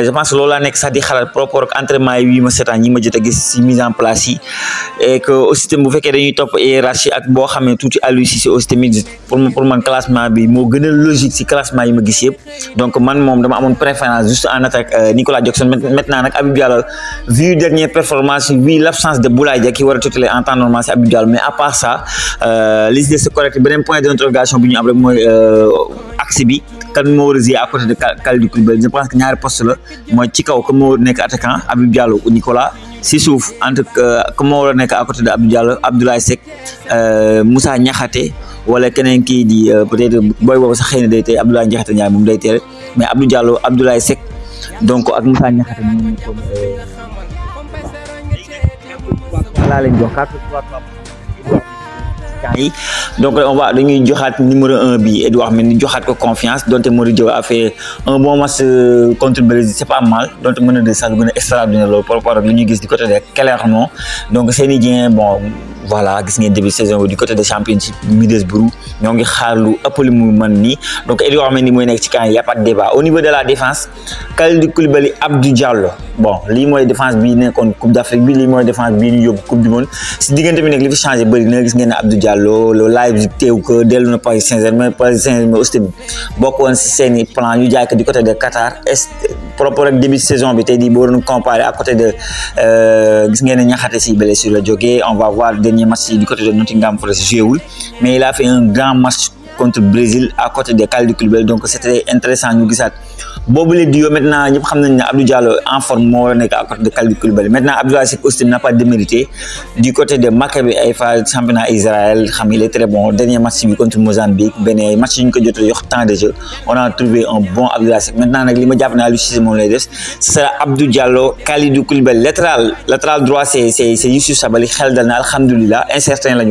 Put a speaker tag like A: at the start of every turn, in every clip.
A: je pense lola nek sa di xalat propre entre may wi ma setan yi eh, eh, ma jëta gis ci mise en place yi et que au système bu fekke dañuy top hiérarchie ak bo xamé touti alu ci au système pour pour man classement bi mo gëna logique ci classement yi ma gis yépp donc man mom dama amone préférence juste en eh, attaque Nicolas Jackson maintenant nak Abib Diallo vu dernière performance vu l'absence de Boulaye qui wara tutelé en temps normal ci Abib Diallo mais à part ça euh liste de ce correct benen point d'interrogation bu ñu am rek moy euh axe bi kan mo wara jouer à côté de Kalidou Koulibaly je pense que ñaar poste la mooy ci kaw comme moo nekk attaquant Habib Diallo ou Nicolas si suuf entre comme euh, moo nekk à côté de Habib Diallo Abdoulaye Seck euh, Moussa Niakhaté wala keneen kii di euh, peut-être booy boobu sax xëy na day teel Abdoulaye Niakhaté Ndiaye moom day teel mais Abdou Diallo Abdoulaye Seck donc ak Moussa Niakhaté moom lañ jox attaquants yi donc on va dañuy joxaat numéro un bi Edouard Mendy joxaat ko confiance donte Maurizio a fait un bon match euh, c'est pas mal donte mën na de sax lu gën a extraordinaire loolu par rapport ak gis du côté de Clermont donc Seny Dieng bon voilà gis ngeen début saison bi du côté de championship Middlesbrough ñoo ngi xaar lu ëpp lu mu mën nii donc Edouard yoo xam ne mooy nekk ci camp yi y' a pas de débat au niveau de la défense Kalidou Koulibaly Abdou Diallo bon lii mooy défense bi nekkoon Coupe d'Afrique bi lii mooy défense bi ñu yóbbu Coupe du Monde si diggante bi nag li fi changé bëri na gis ngeen ne Abdou Diallo le live teew ko dellu na Paris Saint-Germain Paris Saint-Germain aussi tamit bokk woon si seen i plan ñu jaay ko du côté de Qatar est. Pour le ak début saison on tey di boo doon comparer à côté de euh, gis ngeen ne ñaxate si blessure le on va voir dernier match du côté de Nottingham Forest jouer, mais il a fait un grand match contre Brésil à côté de Kalidou Koulibaly donc c'était intéressant ñu gisaat boobu le duo maintenant nous xam nañ Abdou Diallo en forme à côté de Kalidou Koulibaly maintenant Abdou Seck aussi n'a pas démérité du côté de Maccabi Haïfa championnat Israël il est très bon dernier match bi contre Mozambique benn match que ñu ko jot temps de jeu on a trouvé un bon Abdou Seck maintenant nag li ma jàpp ne Aliou ce sera Abdou Diallo Kalidou Koulibaly latéral latéral droit c'est c'est c'est Youssouf Sabaly xel dal na alhamdulilah incertain la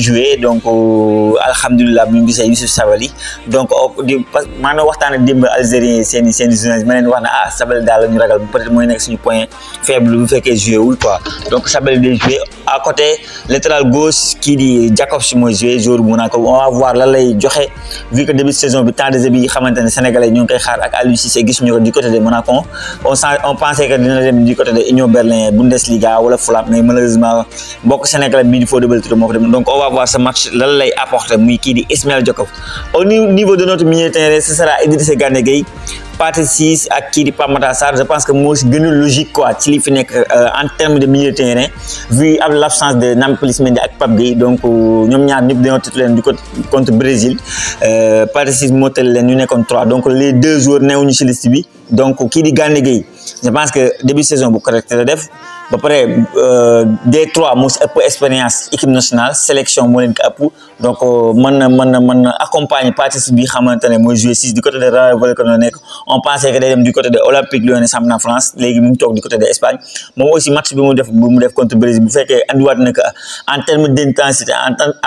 A: jouer donc euh, alhamdulilah bu ñu gisee Youssouf Sabaly donc oh, di maanaam waxtaan ak dimbe algérien seen i seen i journaliste ma leen wax na ah Sabaly daal ñu ragal peut-être moy nekk suñu point faible bu fekkee joué wul quoi donc Sabaly day joué à côté latéral gauche kii di si mooy joué joueur Monaco on va voir lan lay joxe vu que début saison bi temps de jeu bi xamante ne sénégalais ñu ngi koy xaar ak Aliou Cissé ñu ko du côté de Monaco on on pensait que dina dem du côté de Union Berlin Bundesliga wala Fulham mais malheureusement mbokk sénégalais bi di Fodé Ballo-Touré moo ko dem donc on va voir ce match lan lay apporté, muy kii di Ismaël Jakobs au niveau de notre milieu terrain ce sera Idrissa Gana Gueye 6 Ciss ak kii di Pape Matar je pense que moo si gën logique quoi ci fi nekk euh, en terme de milieu terrain vu l'absence de Nampalys Mendy ak Pape Gueye donc euh, ñoom ñaar ñëpp dañoo tëtu leen contre Brésil euh, Pathé 6 motel, tëdd leen ñu nekkoon trois donc les deux joueurs newuñu ci liste bi donc kii di Gana je pense que début de saison bu correct la def Après, pare euh, des trois moo expérience équipe nationale sélection moo leen donc euh, mën na mën na mën accompagner bi jouer du côté de la République on pensait que day dem du côté de Olympique Lyonnais en France les mu du côté de l'Espagne. Moi aussi match bi mu def bi def contre Brésil bu fekkee andiwaat en termes d'intensité,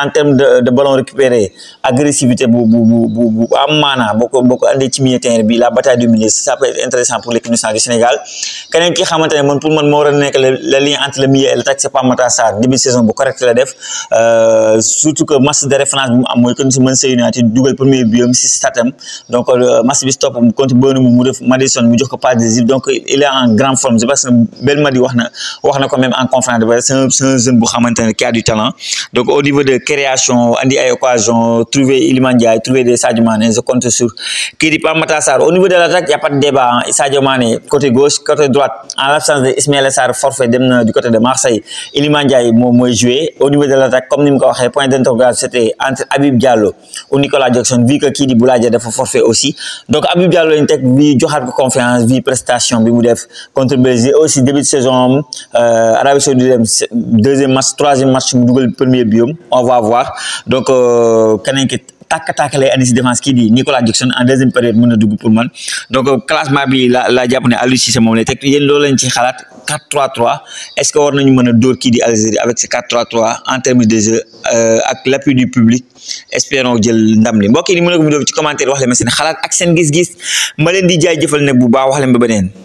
A: en termes de de ballon récupéré agressivité bu bu bu bu ci la bataille du milieu ça peut être intéressant pour l'équipe nationale Sénégal keneen ki xamante mon pour mon moo war la ligne entre le milieu et l'attaque c'est pas Matar Sarr début saison bu correct la def euh, surtout que masse de référence à mu am nous sommes si Manchester United double premier biom si statam donc euh, masse de stop contre Burnley mu def Maddison mu jox ko passe donc il est en grande forme c'est parce que Belmadi wax na wax quand ko même en conférence de un, c'est un jeune bu qui a du talent donc au niveau de création andi ay occasion trouver Iliman Ndiaye trouver des Sadio Mane je compte sur qui di pas au niveau de l'attaque il y a pas de débat hein. Sadio Mané côté gauche côté droite en l'absence de Ismaël Sarr forfait de du côté de Marseille Iliman est moom joué au niveau de l'attaque comme ni mu ko le point d'interrogation c'était entre Abib Diallo ou Nicolas Jackson vu que Kidi di a fait forfait aussi donc Abib Diallo il a bi confiance vu prestation bi mu def contre aussi début de saison euh, Arabie Saoudite deuxième match troisième match le premier biome, on va voir donc euh, tak kata kale ani si defense kidi Nicolas Jackson en deuxième période meuna dugg pour man donc classement bi la la japp ne Alice eh, c'est mom lay tek yeen lo lañ ci xalat 4-3-3 est-ce que war nañu meuna door kidi Algérie avec ce 4-3-3 en termes de jeu ak l'appui du public espérons jël ndam li mbokk ni meuna ko video ci commentaire wax le mais sen xalat ak sen gis gis ma len di jay jëfël ne bu baax wax le mbé benen